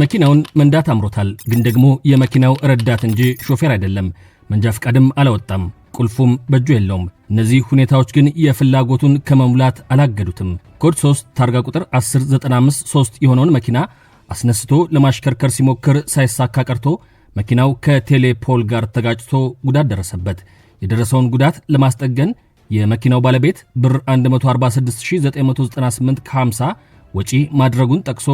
መኪናውን መንዳት አምሮታል። ግን ደግሞ የመኪናው ረዳት እንጂ ሾፌር አይደለም። መንጃ ፈቃድም አላወጣም፣ ቁልፉም በእጁ የለውም። እነዚህ ሁኔታዎች ግን የፍላጎቱን ከመሙላት አላገዱትም። ኮድ 3 ታርጋ ቁጥር 10953 የሆነውን መኪና አስነስቶ ለማሽከርከር ሲሞክር ሳይሳካ ቀርቶ መኪናው ከቴሌፖል ጋር ተጋጭቶ ጉዳት ደረሰበት። የደረሰውን ጉዳት ለማስጠገን የመኪናው ባለቤት ብር 146998 ከ50 ወጪ ማድረጉን ጠቅሶ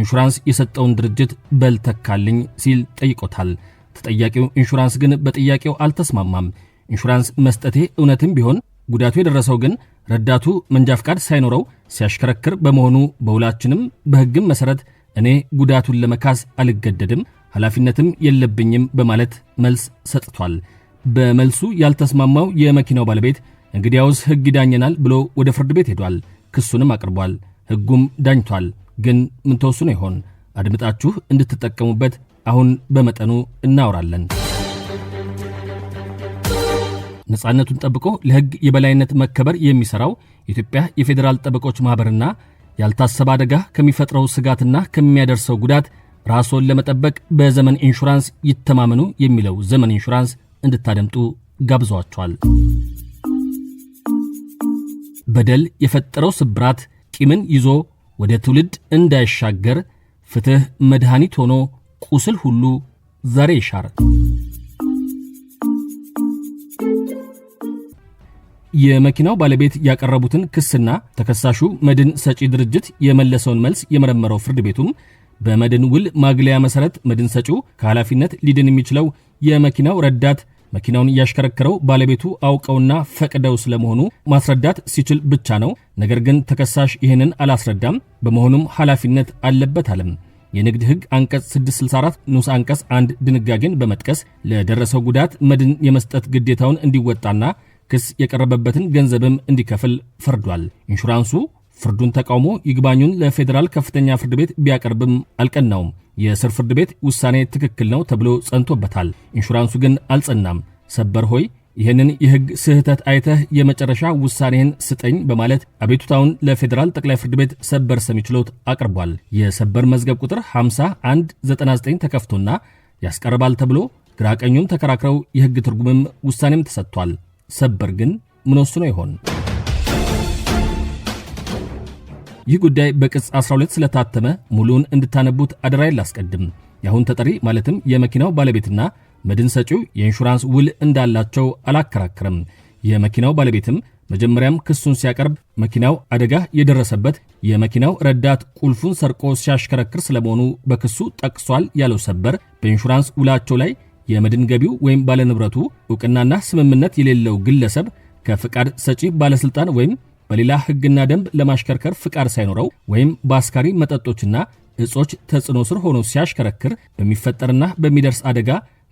ኢንሹራንስ የሰጠውን ድርጅት በልተካልኝ ሲል ጠይቆታል። ተጠያቂው ኢንሹራንስ ግን በጥያቄው አልተስማማም። ኢንሹራንስ መስጠቴ እውነትም ቢሆን ጉዳቱ የደረሰው ግን ረዳቱ መንጃ ፍቃድ ሳይኖረው ሲያሽከረክር በመሆኑ በውላችንም በሕግም መሠረት እኔ ጉዳቱን ለመካስ አልገደድም፣ ኃላፊነትም የለብኝም በማለት መልስ ሰጥቷል። በመልሱ ያልተስማማው የመኪናው ባለቤት እንግዲያውስ ሕግ ይዳኘናል ብሎ ወደ ፍርድ ቤት ሄዷል። ክሱንም አቅርቧል። ሕጉም ዳኝቷል። ግን ምን ተወስኖ ይሆን? አድምጣችሁ እንድትጠቀሙበት አሁን በመጠኑ እናወራለን። ነፃነቱን ጠብቆ ለሕግ የበላይነት መከበር የሚሠራው የኢትዮጵያ የፌዴራል ጠበቆች ማኅበርና ያልታሰበ አደጋ ከሚፈጥረው ስጋትና ከሚያደርሰው ጉዳት ራስዎን ለመጠበቅ በዘመን ኢንሹራንስ ይተማመኑ የሚለው ዘመን ኢንሹራንስ እንድታደምጡ ጋብዟቸዋል። በደል የፈጠረው ስብራት ቂምን ይዞ ወደ ትውልድ እንዳይሻገር ፍትሕ መድኃኒት ሆኖ ቁስል ሁሉ ዛሬ ይሻር። የመኪናው ባለቤት ያቀረቡትን ክስና ተከሳሹ መድን ሰጪ ድርጅት የመለሰውን መልስ የመረመረው ፍርድ ቤቱም በመድን ውል ማግለያ መሠረት መድን ሰጪው ከኃላፊነት ሊድን የሚችለው የመኪናው ረዳት መኪናውን እያሽከረከረው ባለቤቱ አውቀውና ፈቅደው ስለመሆኑ ማስረዳት ሲችል ብቻ ነው። ነገር ግን ተከሳሽ ይህንን አላስረዳም፣ በመሆኑም ኃላፊነት አለበት አለም። የንግድ ሕግ አንቀጽ 664 ንዑስ አንቀጽ አንድ ድንጋጌን በመጥቀስ ለደረሰው ጉዳት መድን የመስጠት ግዴታውን እንዲወጣና ክስ የቀረበበትን ገንዘብም እንዲከፍል ፈርዷል። ኢንሹራንሱ ፍርዱን ተቃውሞ ይግባኙን ለፌዴራል ከፍተኛ ፍርድ ቤት ቢያቀርብም አልቀናውም። የስር ፍርድ ቤት ውሳኔ ትክክል ነው ተብሎ ጸንቶበታል። ኢንሹራንሱ ግን አልጸናም። ሰበር ሆይ ይህንን የሕግ ስህተት አይተህ የመጨረሻ ውሳኔህን ስጠኝ በማለት አቤቱታውን ለፌዴራል ጠቅላይ ፍርድ ቤት ሰበር ሰሚ ችሎት አቅርቧል። የሰበር መዝገብ ቁጥር 5199 ተከፍቶና ያስቀርባል ተብሎ ግራቀኙም ተከራክረው የሕግ ትርጉምም ውሳኔም ተሰጥቷል። ሰበር ግን ምን ወስኖ ይሆን? ይህ ጉዳይ በቅጽ 12 ስለታተመ ሙሉውን እንድታነቡት አደራ ላስቀድም። የአሁን ተጠሪ ማለትም የመኪናው ባለቤትና መድን ሰጪው የኢንሹራንስ ውል እንዳላቸው አላከራከርም። የመኪናው ባለቤትም መጀመሪያም ክሱን ሲያቀርብ መኪናው አደጋ የደረሰበት የመኪናው ረዳት ቁልፉን ሰርቆ ሲያሽከረክር ስለመሆኑ በክሱ ጠቅሷል ያለው ሰበር በኢንሹራንስ ውላቸው ላይ የመድን ገቢው ወይም ባለንብረቱ እውቅናና ስምምነት የሌለው ግለሰብ ከፍቃድ ሰጪ ባለስልጣን ወይም በሌላ ህግና ደንብ ለማሽከርከር ፍቃድ ሳይኖረው ወይም በአስካሪ መጠጦችና እጾች ተጽዕኖ ስር ሆኖ ሲያሽከረክር በሚፈጠርና በሚደርስ አደጋ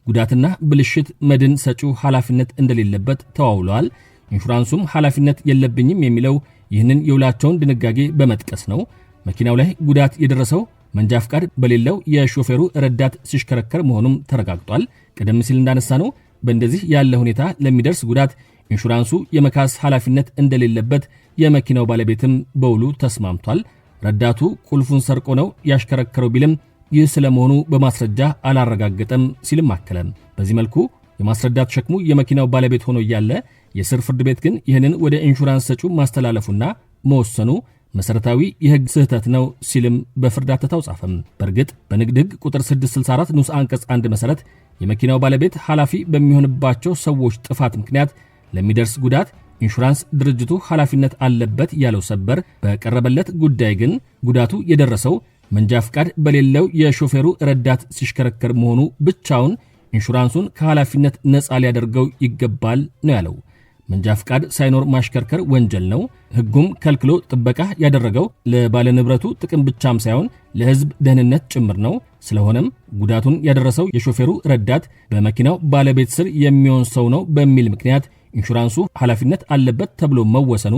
ጉዳትና ብልሽት መድን ሰጪው ኃላፊነት እንደሌለበት ተዋውለዋል። ኢንሹራንሱም ኃላፊነት የለብኝም የሚለው ይህንን የውላቸውን ድንጋጌ በመጥቀስ ነው። መኪናው ላይ ጉዳት የደረሰው መንጃ ፍቃድ በሌለው የሾፌሩ ረዳት ሲሽከረከር መሆኑም ተረጋግጧል። ቀደም ሲል እንዳነሳ ነው በእንደዚህ ያለ ሁኔታ ለሚደርስ ጉዳት ኢንሹራንሱ የመካስ ኃላፊነት እንደሌለበት የመኪናው ባለቤትም በውሉ ተስማምቷል። ረዳቱ ቁልፉን ሰርቆ ነው ያሽከረከረው ቢልም ይህ ስለመሆኑ በማስረጃ አላረጋገጠም ሲልም አከለም። በዚህ መልኩ የማስረዳት ሸክሙ የመኪናው ባለቤት ሆኖ እያለ የስር ፍርድ ቤት ግን ይህንን ወደ ኢንሹራንስ ሰጪው ማስተላለፉና መወሰኑ መሰረታዊ የሕግ ስህተት ነው ሲልም በፍርድ አተታው ጻፈም። በእርግጥ በንግድ ሕግ ቁጥር 664 ንዑስ አንቀጽ 1 መሠረት የመኪናው ባለቤት ኃላፊ በሚሆንባቸው ሰዎች ጥፋት ምክንያት ለሚደርስ ጉዳት ኢንሹራንስ ድርጅቱ ኃላፊነት አለበት ያለው ሰበር በቀረበለት ጉዳይ ግን ጉዳቱ የደረሰው መንጃ ፍቃድ በሌለው የሾፌሩ ረዳት ሲሽከረከር መሆኑ ብቻውን ኢንሹራንሱን ከኃላፊነት ነፃ ሊያደርገው ይገባል ነው ያለው። መንጃ ፍቃድ ሳይኖር ማሽከርከር ወንጀል ነው። ሕጉም ከልክሎ ጥበቃ ያደረገው ለባለንብረቱ ጥቅም ብቻም ሳይሆን ለሕዝብ ደህንነት ጭምር ነው። ስለሆነም ጉዳቱን ያደረሰው የሾፌሩ ረዳት በመኪናው ባለቤት ስር የሚሆን ሰው ነው በሚል ምክንያት ኢንሹራንሱ ኃላፊነት አለበት ተብሎ መወሰኑ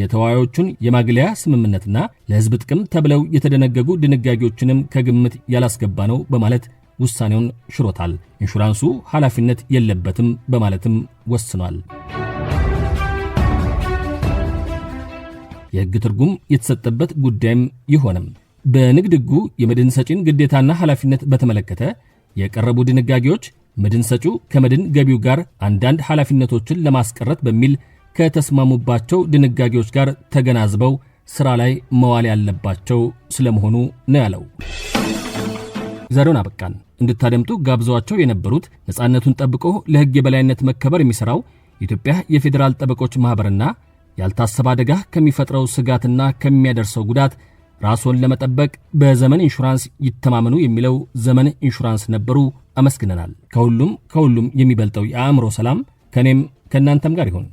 የተዋዮቹን የማግለያ ስምምነትና ለሕዝብ ጥቅም ተብለው የተደነገጉ ድንጋጌዎችንም ከግምት ያላስገባ ነው በማለት ውሳኔውን ሽሮታል። ኢንሹራንሱ ኃላፊነት የለበትም በማለትም ወስኗል። የሕግ ትርጉም የተሰጠበት ጉዳይም ይሆንም በንግድ ሕጉ የመድን ሰጪን ግዴታና ኃላፊነት በተመለከተ የቀረቡ ድንጋጌዎች መድን ሰጪው ከመድን ገቢው ጋር አንዳንድ ኃላፊነቶችን ለማስቀረት በሚል ከተስማሙባቸው ድንጋጌዎች ጋር ተገናዝበው ስራ ላይ መዋል ያለባቸው ስለመሆኑ ነው ያለው። ዛሬውን አበቃን። እንድታደምጡ ጋብዘዋቸው የነበሩት ነፃነቱን ጠብቆ ለሕግ የበላይነት መከበር የሚሠራው የኢትዮጵያ የፌዴራል ጠበቆች ማኅበርና ያልታሰበ አደጋ ከሚፈጥረው ስጋትና ከሚያደርሰው ጉዳት ራስዎን ለመጠበቅ በዘመን ኢንሹራንስ ይተማመኑ የሚለው ዘመን ኢንሹራንስ ነበሩ። አመስግነናል። ከሁሉም ከሁሉም የሚበልጠው የአእምሮ ሰላም ከእኔም ከእናንተም ጋር ይሁን።